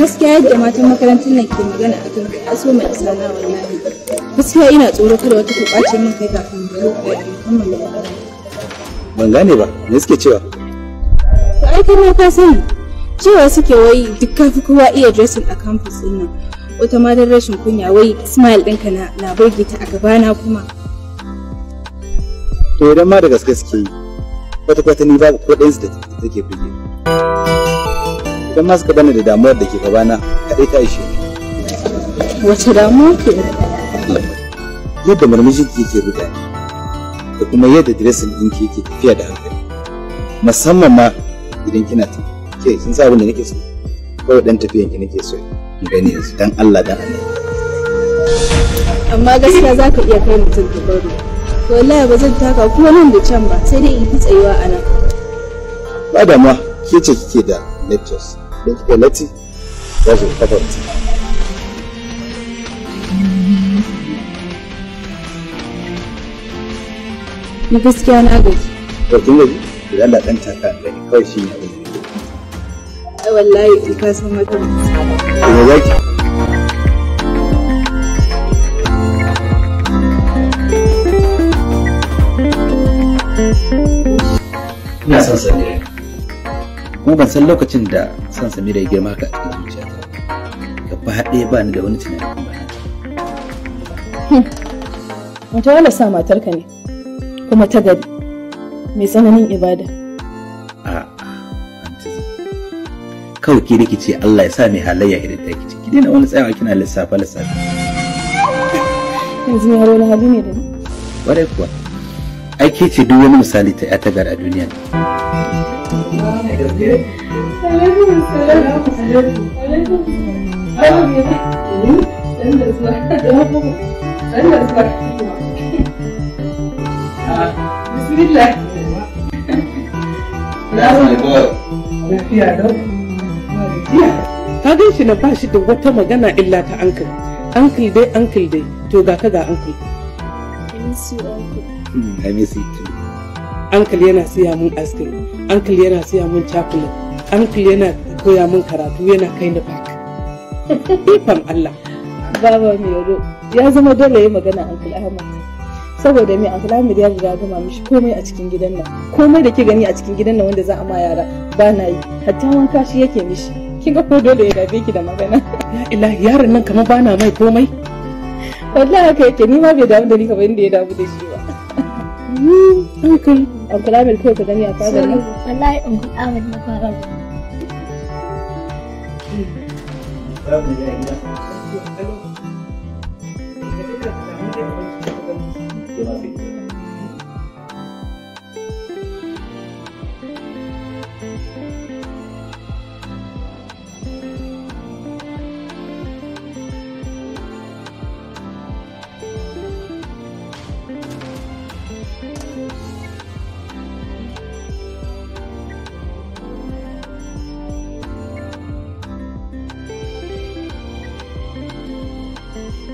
gaskiya yadda matan makarantar nan ke magana a kan ka so mai isa na wallahi gaskiya ina tsoro kada wata ta kwace min kai kafin da da kammala ban gane ba me suke cewa to ai kai ka sani cewa suke wai duk kafi kowa iya dressing a campus din nan wata ma rashin kunya wai smile ɗinka na na burge ta a gabana kuma to idan ma da gaske suke yi kwata-kwata ni babu ko su da take burge idan ma suka bani da damuwar da ke gabana kaɗai ta ishe wace damuwa ke yadda marmishin ki ke ruda da kuma yadda dressing din ki ke tafiya da hankali musamman ma idan kina ta ke sun sa abin da nake so kawai dan tafiyan ki nake so in gani yanzu dan Allah dan Allah amma gaskiya za ka iya kai mutum ka bari wallahi ba zan taka kuma nan da can ba sai dai in fi tsayuwa a nan ba damuwa ke ce kike da lectures da kika lati za su kafarta na gaskiya na gaji to kin gaji idan Allah dan taka da kawai shi ne abin da wallahi in ka san mata ina ina son sanya kuma ban san lokacin da san samira ya girma ka a cikin zuciyata gaba haɗe ba ni da wani tunani kuma hmm. wata wala sa matarka ne kuma ta gari mai tsananin ibada a kawai ki rikice Allah ya sa mai halayya irin ta kici ki daina wani tsayawa kina lissafa lissafa yanzu yaro na hali ne da ni ƙwarai kuwa ai ke ce duk wani misali ta ta gar a duniya ne Ka gan shi na ba shi da wata magana illa ta ankle. Ankle dai ankle dai to ga ka ga ankle. miss you uncle. Mm, I miss you too. Uncle yana siya mun ice cream, uncle yana siya mun chocolate, uncle yana koya mun karatu yana kai ni back. Ifan Allah. Baba Mero ya zama dole ya magana uncle Ahmad. saboda mai uncle Ahmad ya riga gama mishi komai a cikin gidan nan komai da ke gani a cikin gidan nan wanda za a ma yara ba na yi hatta wanka shi yake mishi kin ga ko dole ya dabe ki da magana ya ilahi yaron nan kamar bana mai komai wallahi haka yake ni ma bai damu da ni kamar inda ya damu da shi ba hmm, an ka gani a fadar nan wallahi an Thank you.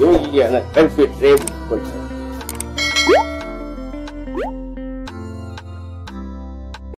yau yana karfe ɗaya